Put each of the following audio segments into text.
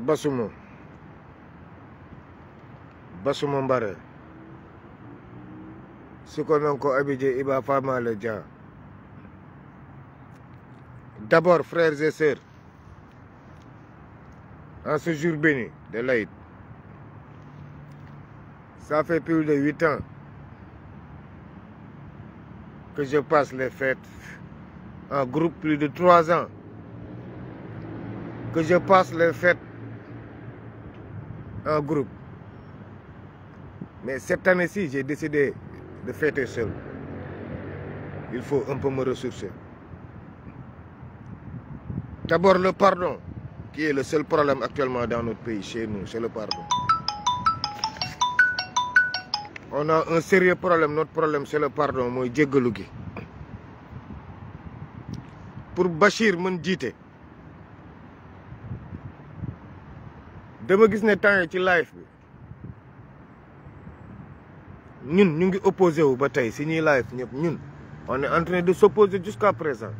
Basuma Basuma Mbare Sikomenko Abidjan Iba Famale Dia d'abord frères et sœurs en ce jour béni de l'Aïd ça fait plus de huit ans que je passe les fêtes en groupe plus de trois ans que je passe les fêtes un groupe. Mais cette année-ci, j'ai décidé de fêter seul. Il faut un peu me ressourcer. D'abord le pardon, qui est le seul problème actuellement dans notre pays, chez nous, c'est le pardon. On a un sérieux problème, notre problème c'est le pardon, mooy jéggalu gi. Pour Bachir man jiite dama gis ne temps ci live ñun ñu ngi opposé wu ba tey si ñuy live ñëpp ñun on est de s'opposer jusqu'à présent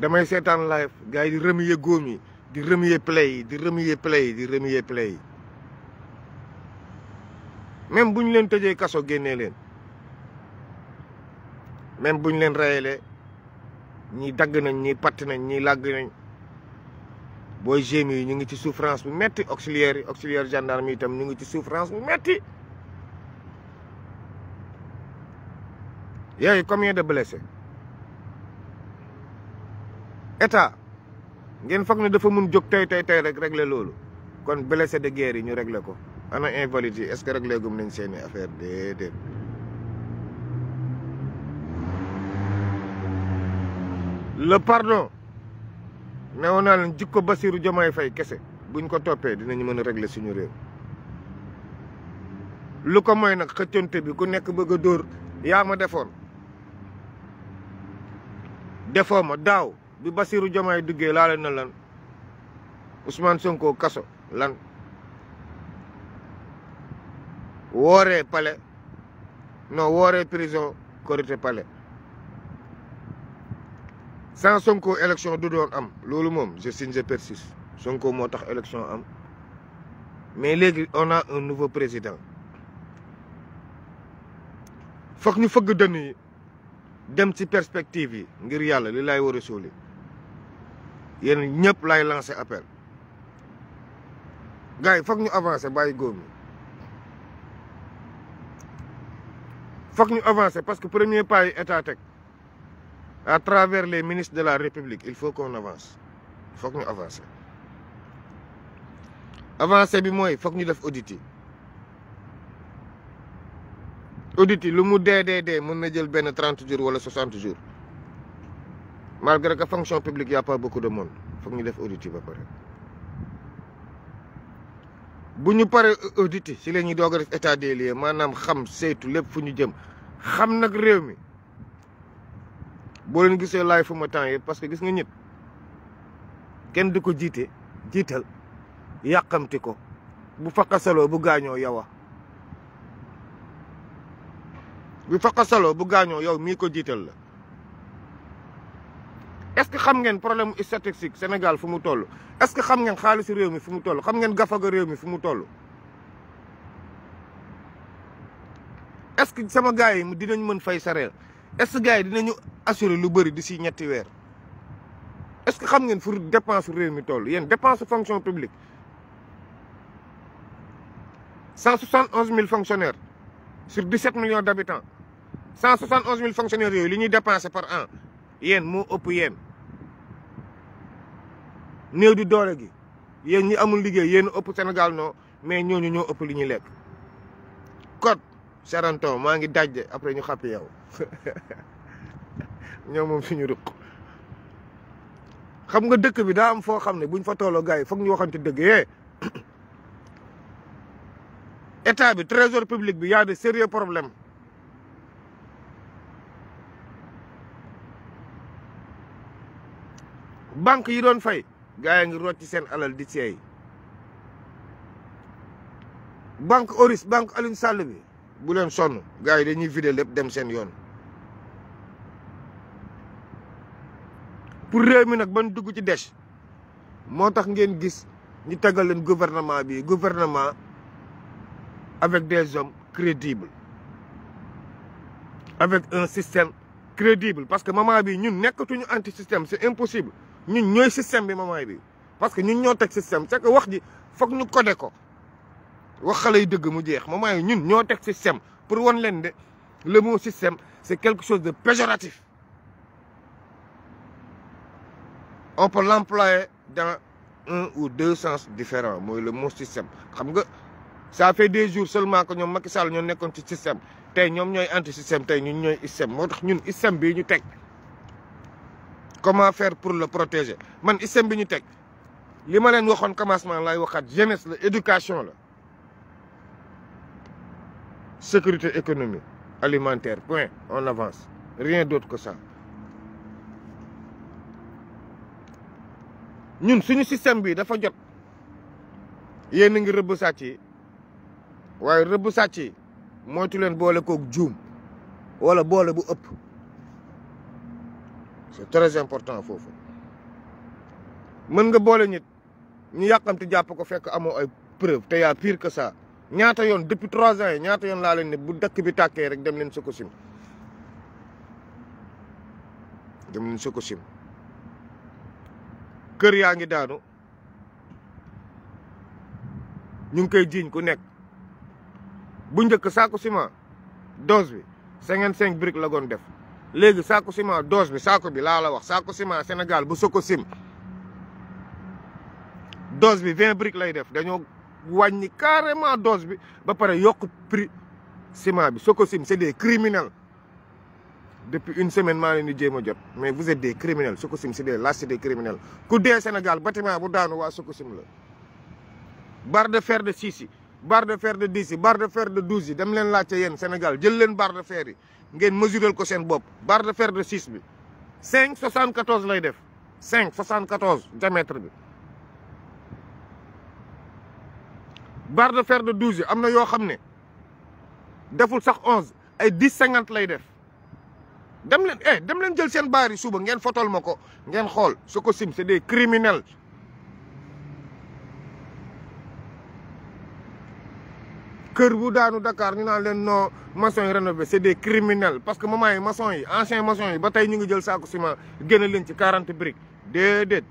damay seetaan live gars yi di remuer góom yi di remuer play yi di remuer play yi di remuer yi même bu ñu leen tëjee kaso génnee leen même bu ñu leen rayelee ñi dagg nañ ñi patt nañ ñi làgg nañ booy gémi ñu ngi ci souffrance bu metti auxiliaires yi auxiliaire gendarme yi itam ñu ngi ci souffrance bu metti yooyu combien de blessés état ngeen foog ne dafa mun jóg tey tey tey rek régler loolu kon blessé de guerre yi ñu régler ko ana invalides yi est-ce que régler gum nañ seeni affaire déedéet le pardon newoon naa leen jikko Bassirou fay Faye bu buñ ko toppee dinañu mën a régler suñu réew lu ko moy nag xëccante bi ku nekk bëgg a dóor yaa ma defoon defoo ma daaw bi Bassirou Diomaye duggee laa na lan Ousmane Sonko kaso lan wooree palais non wooree prison korité pale sans Sonko élection du doon am loolu moom je signe je persiste Sonko moo tax élection am mais léegi on a un nouveau président foog ñu fëgg dënn yi dem ci perspective yi ngir yàlla li laay war a sóoli yéen ñëpp lay lancé appel gars yi foog ñu avancé bàyyi góom yi ñu avancé parce que premier pas yi état à travers les ministres de la République il faut qu'on avance foog ñu avancer avancer bi mooy foog ñu def audit yi audit lu mu dee dee dee mën na jël benn trente jours wala soixante jours malgré que fonction publique y a pas beaucoup de monde foog ñu def audit ba pare. bu ñu paree audit yi si la ñuy doog a def état des maanaam xam saytu lépp fu ñu jëm xam nag réew mi. boo leen gisee lay fu ma temps yëpp parce que gis nga ñit kenn du ko jiite jiital yàqamti ko bu faqasaloo bu gaañoo yow a bu faqasaloo bu gaañoo yow mii ko jiital la est-ce que xam ngeen problème statistique Sénégal fu mu toll est-ce que xam ngeen xaalisu réew mi fu mu toll xam ngeen gafaga réew mi fu mu toll est-ce que sama gars yi dinañ mën fay sareel est-ce que gars yi assuré lu bëri si ñetti weer est-ce que xam ngeen fu dépense réew mi toll yéen dépense fonction publique cent soixante onze mille fonctionnaires sur dix sept millions d'habitants cent soixante onze mille fonctionnaires yooyu li ñuy dépensé par an yéen moo ëpp yéen néew di doole gi yéen ñi amul liggéey yéen ëpp Sénégal noo mais ñooñu ñoo ëpp li ñuy lekk code Charenton maa ngi dajje après ñu xàppi yow ñoo moom suñu ruq xam nga dëkk bi daa am foo xam ne buñ fa tolloo gars yi foog ñu waxante dëgg yee eh. état bi trésor public bi y a de sérieux problème banque yi doon fay gars yi ngi rocc seen alal di seey banque Oris banque Alioune Sall bi bu leen sonn gars yi dañuy vidé lépp dem seen yoon pour réew mi nag ban dugg ci dèche moo tax ngeen gis ñu tegal leen gouvernement bi gouvernement avec des hommes crédibles avec un système crédible parce que moment bi ñun nekkatuñu anti système c'est impossible ñun ñooy système bi moment bi parce que ñun ñoo teg système c'est que wax ji foog ñu codé ko wax xale yi dëgg mu jeex moment yi ñun ñoo teg système pour wan leen de le mot système c'est quelque chose de péjoratif on peut l'employer dans un ou deux sens différents mooy le mot système xam nga ça fait deux jours seulement que ñoom Macky Sall ñoo nekkoon ci système tey ñoom ñooy anti système tey ñun ñooy système moo tax ñun système bii ñu teg comment faire pour le protéger man système bi ñu teg li ma leen waxoon commencement lay waxaat jeunesse la éducation la sécurité économique alimentaire point on avance rien d'autre que ça ñun suñu système bi dafa jot yéen a ngi rëbb sàcc waaye rëbb sàcc yi leen boole koog juum wala boole bu ëpp c'est très important foofu mën nga boole nit ñu yàqamti jàpp ko fekk amoo ay preuve te yaa pire que ça ñaata yoon depuis trois ans yi ñaata yoon laa leen ne bu dëkk bi tàkkee rek dem leen Sococim dem leen Sococim kër yaa ngi daanu ñu ngi koy jiiñ ku nekk bu njëkk saaku ciment dose bi cinquante cinq briques la goon def léegi saaku ciment dose bi saako bi laa la wax saaku ciment Sénégal bu sim dose bi vingt briques lay def dañoo wàññi carrément dose bi ba pare yokk prix ciment bi Sococim c'est des criminels depuis une semaine maa leen di jéem a jot mais vous êtes des criminels Sococim c'est des lâches des criminels ku dee Sénégal bâtiment bu daanu waa Sococim la barre de fer de six yi barre de fer de dix yi barre de fer de douze yi dem leen laajte yéen Sénégal jël leen barre de fer yi ngeen mesurel ko seen bopp barre de fer de six bi cinq soixante quatorze lay def cinq soixante quatorze diamètre bi barre de fer de douze yi am na yoo xam ne deful sax onze ay dix cinquante lay def dem leen eh, dem leen jël seen baar yi suba ngeen fotol ma ko ngeen xool soko ko sim c'est des criminels kër bu daanu dakaar ñu naan leen noo maçon yi rénové c'est des criminels parce que moment yi maçon yi ancien maçon yi ba tey ñu ngi jël saako ciment génne leen ci quarante briques déedéet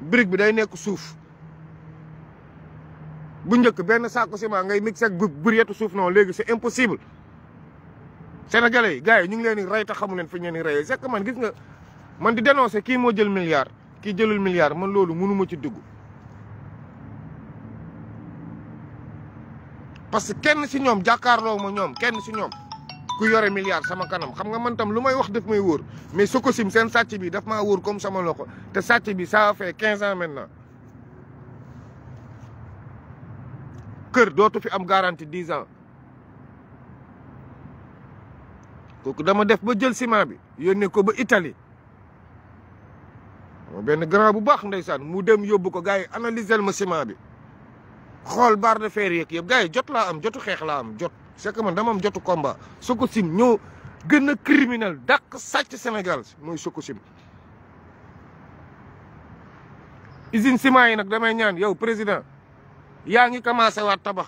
brique bi day nekk suuf bu njëkk benn saako ciment ngay mixé ak bu bëreetu suuf non léegi c'est impossible Sénégalais yi gars yi ñu ngi leen di rey te xamu leen fi ñu leen di reyee c'est que man gis nga man di dénoncer kii moo jël milliard kii jëlul milliard man loolu munu ma ci dugg. parce que kenn si ñoom jàkkaarloo ma ñoom kenn si ñoom ku yore milliard sama kanam xam nga man tam lu may wax daf may wóor mais Sococim seen sàcc bi daf maa wóor comme sama loxo te sàcc bi ça fait quinze ans maintenant. kër dootu fi am garantie dix ans. kooku dama def ba jël ciment bi yónnee ko ba itali benn grand bu baax ndeysaan mu dem yóbbu ko gars yi analysel ma ciment bi xool barre de fer yeeg yëpp gars yi jot laa am jotu xeex laa am jot c'est que man dama am jotu combat Sococim ñoo gën a criminel dàq sàcc Sénégal mooy soko sim usine ciment yi nag damay ñaan yow président yaa ngi commencé waat tabax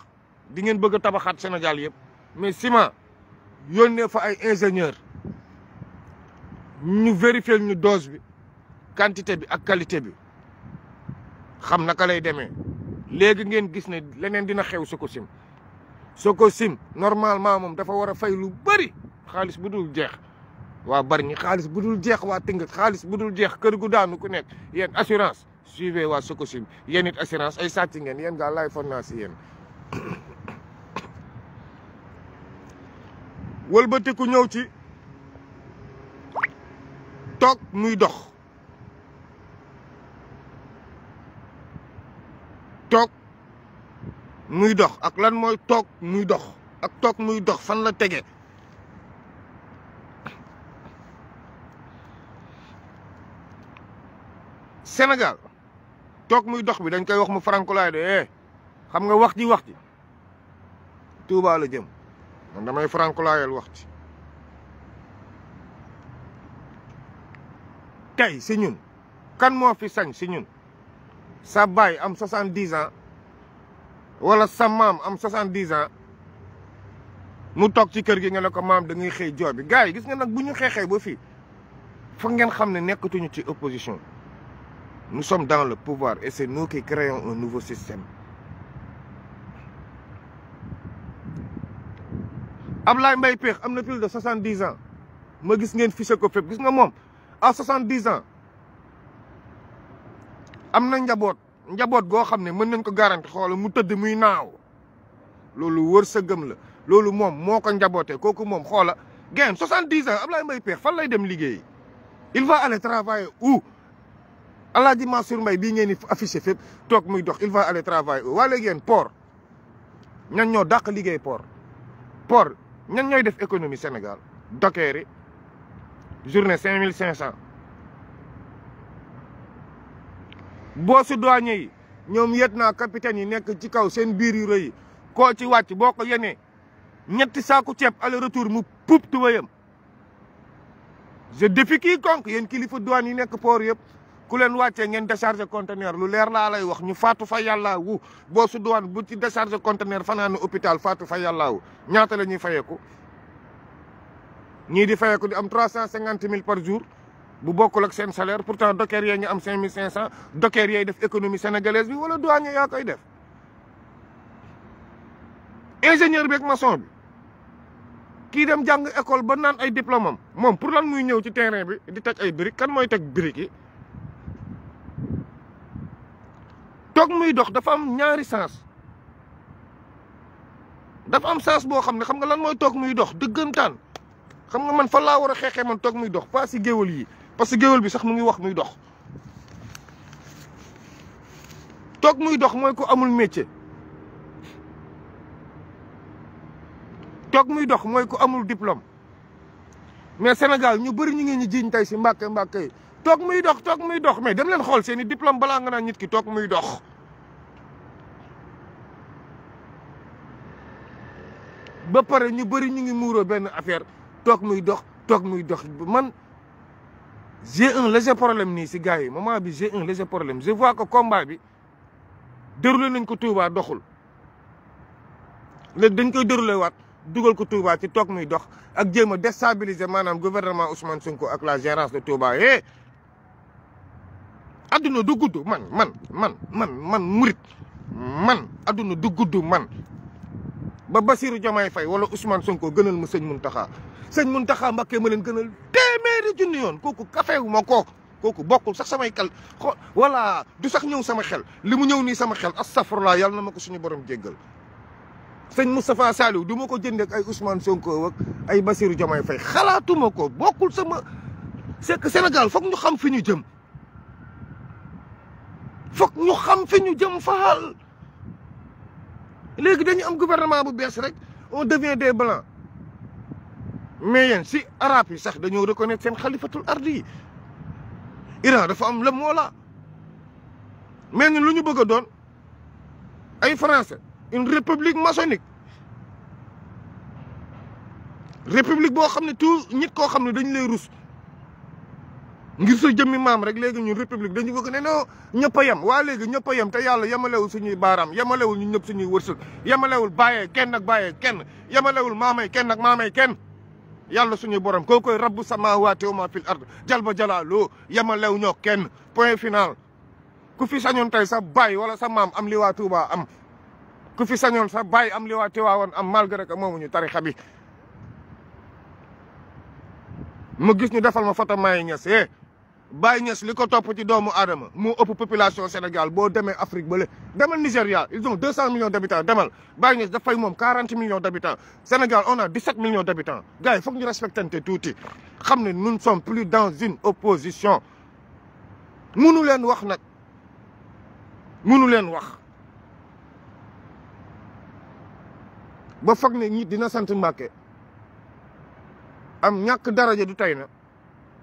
di ngeen bëgg a tabaxaat Sénégal yëpp mais ciment yónnee fa ay ingénieur ñu vérifier ñu dose bi quantité bi ak qualité bi xam naka lay demee léegi ngeen gis ne leneen dina xew Sococim Sococim normalement moom dafa war a fay lu bëri xaalis bu dul jeex waa bari ñi xaalis bu dul jeex waa tëngat xaalis bu dul jeex kër gu daanu ku nekk yéen assurance suivez waa Sococim yéen it assurance ay sàcc ngeen yéen gaa laay fon naa si yéen wëlbatiku ñëw ci toog muy dox toog muy dox ak lan mooy toog muy dox ak toog muy dox fan la tege Sénégal toog muy dox bi dañ koy wax mu farankulaay de eh, xam nga wax ji wax ji Touba la jëm man damay frankolaayal wax ci tey si ñun kan moo fi sañ si ñun sa baay am soixante-dix ans wala sa maam am soixante-dix ans mu toog ci kër gi nga ne ko maam dañuy xëy joo bi gars yi gis nga nag bu ñu xeexee ba fii foog ngeen xam ne nekkatuñu ci opposition mu sommes dans le pouvoir et c'est nous qui créons un nouveau système Ablaye Mbaye Pekh am na plus de soixante dix ans ma gis ngeen fiché ko fépp gis nga moom a soixante dix ans am na njaboot njaboot goo xam ne mën nañ ko garanti xool mu tëdd muy naaw loolu wër sëgëm gëm la loolu moom moo ko njabootee kooku moom xoola gain soixante dix ans Ablaye Mbaye Pekh fan lay dem liggéey il va aller travailler où Alaaji Mansour Mbaye bii ngeen di affiché fépp toog muy dox il va aller travailler où waa léegi yéen port ñan ñoo dàq liggéey port port ñan ñooy def économie Sénégal docker yi journée cinq mille cinq cent boosu douanier yi ñoom yet naa capitaine yi nekk ci kaw seen biir yi rëy ko ci wàcc boo ko yenee ñetti saaku ceeb aller retour mu puub tubayam je défie quiconque yéen kilifa douane yi nekk port yëpp ku leen wàccee ngeen décharger conteneur lu leer laa lay wax ñu faatu fa yàllaa wu boo su duwaan bu ci décharger conteneur fanaanu hôpital faatu fa yàllaa wu ñaata la ñuy fayeeku ñii di fayeeku di am trois cent cinquante mille par jour bu bokkul ak seen salaire pourtant docker yee ngi am cinq mille cinq cent docker yee def économie sénégalaise bi wala douanier yaa koy def ingénieur bi ak maçon bi kii dem jàng école ba naan ay diplôme moom pour lan muy ñëw ci terrain bi di teg ay briques kan mooy teg briques toog muy dox dafa am ñaari sens dafa am sens boo xam ne xam nga lan mooy toog muy dox dëggantaan xam nga man fan laa war a xeexee man toog muy dox pas si géwél yi parce que géwél bi sax mu ngi wax muy dox toog muy dox mooy ko amul métier toog muy dox mooy ko amul diplôme mais Sénégal ñu bëri ñu ngi ñu jiiñ tey si mbàkke mbàkke yi toog muy dox toog muy dox mais dem leen xool seeni diplôme balaa nga naan ñit ki toog muy dox ba pare ñu bëri ñu ngi muuroo benn affaire toog muy dox toog muy dox man j'ai un léger problème nii si gars yi moment bi j'ai un léger problème je vois que combat bi déroulé nañ ko Touba doxul léegi dañ koy déroulé waat dugal ko Touba ci toog muy dox ak jéem a déstabiliser maanaam gouvernement Ousmane Sonko ak la gérance de Touba eh. adduna du gudd man man man man man murit man adduna du gudd man ba Bassirou jamaay fay wala Ousmane Sonko gënal ma sëñ Mountakha sëñ Mountakha Mbacké ma leen gënal téeméeri junni yoon kooku café wu ma ko kooku bokkul sax samay kal xo voilà du sax ñëw sama xel li mu ñëw nii sama xel astafurlaa yàlla na ma ko suñu borom jéggal sëñ Moustapha saliw du ma ko jënd ay Ousmane Sonko ak ay Bassirou Diomaye Faye xalaatuma ko bokkul sama c'est que Sénégal foog ñu xam fi ñu jëm foog ñu xam fi jëm faal léegi dañu am gouvernement bu bees rek on devient des blancs mais yéen si arab yi sax dañoo reconnaître seen xalifatul ardi yi Iran dafa am la moola mais ñun lu ñu bëgg a doon ay français une république maçonnique république boo xam ne tout nit koo xam ne dañu lay rus ngir sa jëmmi maam rek léegi ñun république dañu bëgg ne non ñëpp a waa léegi ñëpp a te yàlla yemalewul suñuy baaraam yemalewul ñu ñëpp suñuy wërsëg yemalewul bàyyee kenn ak bàyyee kenn yemalewul maamay kenn ak maamay kenn yàlla suñuy borom koo koy rabbu samaawaati wa ma fil ard jal ba jalaaloo yemalew ñoo kenn point final ku fi sañoon tey sa baay wala sa maam am li waa Touba am ku fi sañoon sa baay am li waa Tiwaawan am malgré que moomuñu tarixa bi gis ñu defal ma photo Maye Baye Niass li ko topp ci doomu aadama moo ëpp population Sénégal boo demee Afrique ba le demal Nigéria ils ont deux cent millions d' habitants demal Baye Niass dafay moom quarante millions d' habitants Sénégal on a dix sept millions d' habitants gars yi foog ñu respectante tuuti xam ne nous ne sommes plus dans une opposition munu leen wax nag munu leen wax ba foog ne ñit dina sant Mbàkke am ñàkk daraja du tey na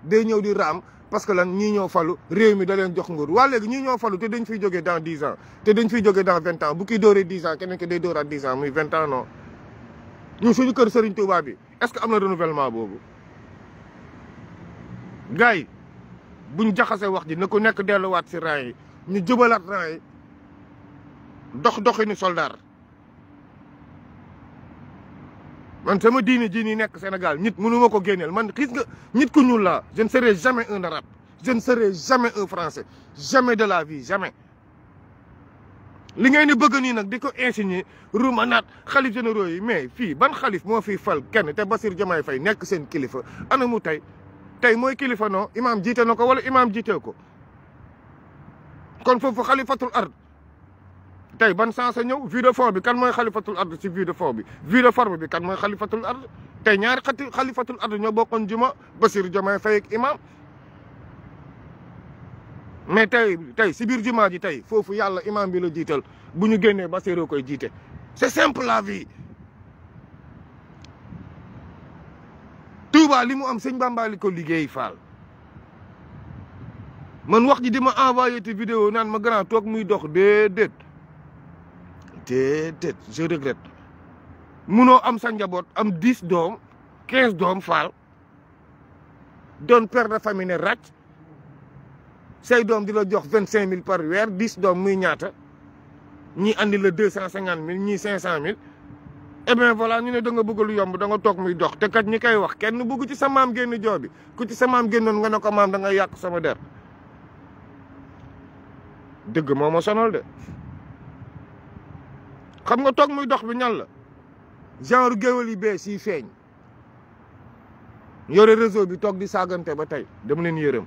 day ñëw di raam parce que lan ñii ñoo falu réew mi da jox ngor waa léegi ñii ñoo falu te dañ fiy jógee dans dix ans te dañ fiy jógee dans vingt ans bu kii dóoree dix ans keneen ki day dóoraat dix ans vingt ans non ñun suñu kër Serigne Touba bi est-ce que am na renouvellement boobu gars yi buñ jaxasee wax ji na ko nekk delluwaat si rang yi ñu jubalaat rang yi dox doxinu soldaar man sama diine ji ni nekk Sénégal nit mënu ma ko génneel man gis nga nit ku ñuul laa je ne serai jamais un arabe je ne serai jamais un français jamais de la vie jamais. li nga di bëgg nii nag di ko insigné rumanaat xalif généraux yi mais fii ban xalif moo fiy fal kenn te Bassirou Diomaye fay nekk seen kilifa ana mu tey tey mooy kilifa non imaam jiite na ko wala imaam jiitee ko kon foofu xalifatul ard tey ban sens a ñëw vue de bi kan mooy xalifatul ard si vue de fond bi vue de forme bi kan mooy xalifatul ard tey ñaari xati xalifatul ard ñoo bokkoon juma Bassirou Diomaye Faye ak imam mais tey si biir jumaa ji tey foofu yàlla imam bi la jiital bu ñu génnee Bassirou koy jiite c'est simple la vie Touba li mu am sëñ Bamba ko liggéey Fall man wax ji di ma envoyé te vidéo naan ma grand toog muy dox déedéet déedéet je regrette munoo am sanjaboot am dix doom quinze doom faal doon père de famille ne ràcc say doom di la jox vingt cinq mille par weer dix doom muy ñaata ñii andi la deux cent cinquante mille ñii cinq cent mille et eh bien ñu ne da nga bëgg lu yomb da nga toog muy dox te kat ñi koy wax kenn bëgg ci sa maam génn joo bi ku ci sa maam génnoon nga ne maam da nga yàq sama der dëgg moo ma de xam nga toog muy dox bi ñal la genre géwél yi bees yi feeñ yore réseau bi toog di saagante ba tey dama leen yërëm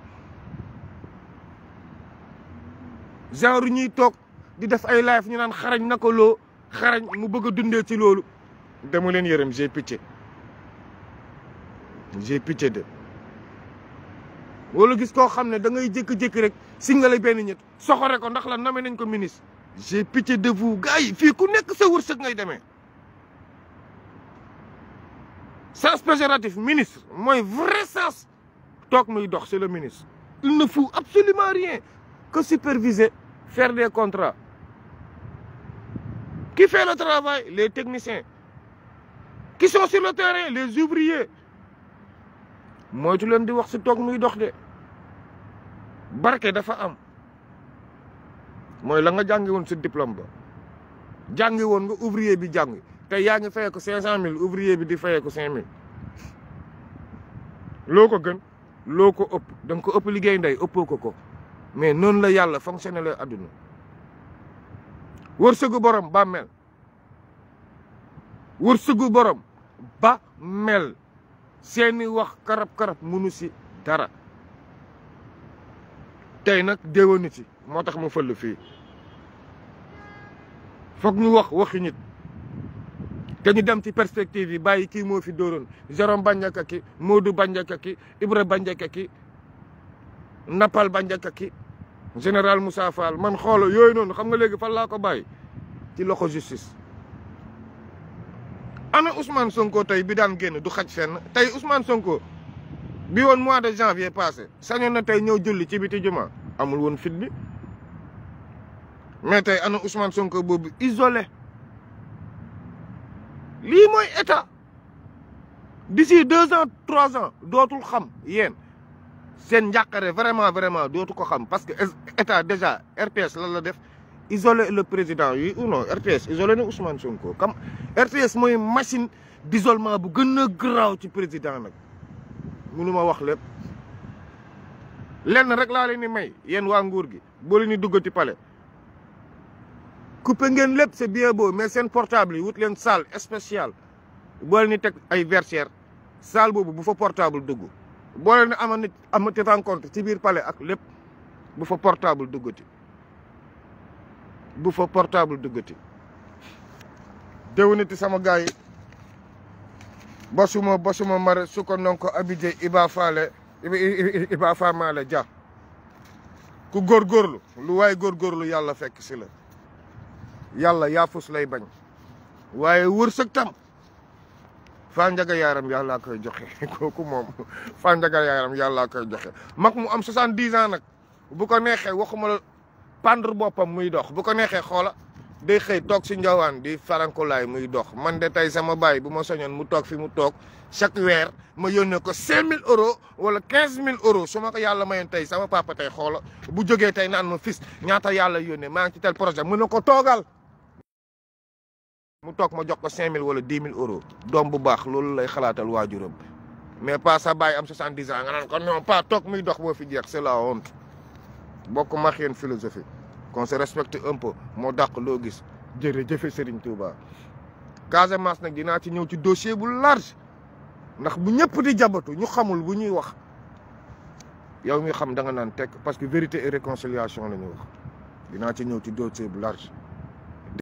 genre ñuy toog di def ay live ñu naan xarañ na ko loo xarañ mu bëgg a dundee ci loolu dama leen yërëm j'ai pitié j'ai pitié de wala gis koo xam ne da ngay jékki-jékki rek singale benn ñett soxore ko ndax la name nañ ko ministre j'ai pitié de vous gars yi fii ku nekk sa wërsëg ngay demee sens péjoratif ministre mooy vrai sens toog muy dox c'est le ministre il ne faut absolument rien que superviser faire des contrats qui fait le travail les techniciens ki sont sur le terrain les ouvriers moytu leen di wax si toog muy dox de barke dafa am mooy la nga jàngi woon sa diplôme ba jàngi woon nga ouvrier bi jàngi te yaa ngi fayee ko cinq cent mille ouvrier bi di fayee ko cinq mille loo ko gën loo ko ëpp da ko ëpp liggéey ndey ëppoo ko ko mais noonu la yàlla fonctionné la adduna wërsëgu borom ba mel wërsëgu borom ba mel seeni wax karab-karab munu si dara tey nag déwénu ci moo tax ma fël fii foog ñu wax waxi nit te ñu dem ci perspective yi bàyyi kii moo fi dóoroon Jérôme Bandiaka ki moodu Bandiaka ki Ibra Bandiaka ki Napal Bandiaka ki général Moussa Fall man xoola yooyu noonu xam nga léegi fan laa ko bàyyi ci loxo justice ana Ousmane Sonko tey bi daan génn du xaj fenn tey Ousmane Sonko bi won mois de janvier passé sañoon na tey ñëw julli ci biti juma amul woon fit bi mais tey ana Ousmane Sonko boobu isolé lii mooy état d'ici deux ans trois ans dootul xam yéen seen njaqare vraiment vraiment dootu ko xam parce que état déjà RTS lan la def isoler le président oui ou non RTS isolé na Ousmane Sonko comme RTS mooy machine d'isolement bu gën a garaaw ci président nag. mënu ma wax lépp lenn rek laa leen ni may yéen waa nguur gi boo ni di duggati pale coupé ngeen lépp c'est bien beau mais seen portable yi wut leen salle spéciale boo leen teg ay versaire salle boobu bu fa portable dugg boo leen ama nit amati rencontre ci biir palais ak lépp bu fa portable duggati bu fa portable duggati déwéniti sama gars basuma basuma mara suko nonko abidje iba faale iba faamaale ja ku góorgóorlu lu waaye góorgóorlu yàlla fekk si la yàlla yaafus lay bañ waaye wërsëg tam faa njaga yaaram yàllaa koy joxe kooku moom faa njaga yaaram yàllaa koy joxe mag mu am soixante-dix ans nag bu ko neexee waxuma la pendre boppam muy dox bu ko neexee xoola day xëy toog si njawaan di farankulaay muy dox man de tey sama baay bu ma soñoon mu toog fi mu toog chaque weer ma yónnee ko cinq mille euro wala quinze mille euros su ma ko yàlla mayoon tey sama papa tey xoola bu jógee tey naan ma fis ñaata yàlla yónnee maa ngi ci tel projet mën na ko toogal. mu toog ma jox ko cinq mille wala dix mille euros doom bu baax loolu lay xalaatal waajuram mais pas a baay am soixante-dix ans nga naan ko non pas toog muy dox boo fi jeex c'est la bokk ma philosophie. qu'on se respecte un peu moo dàq loo gis jërëjëf Serigne Touba. Casamance nag dinaa ci ñëw ci dossier bu large ndax bu ñëpp di jabatu ñu xamul bu ñuy wax yow mi xam danga nga naan tekk parce que vérité et réconciliation la ñuy wax dinaa ci ñëw ci dossier bu large.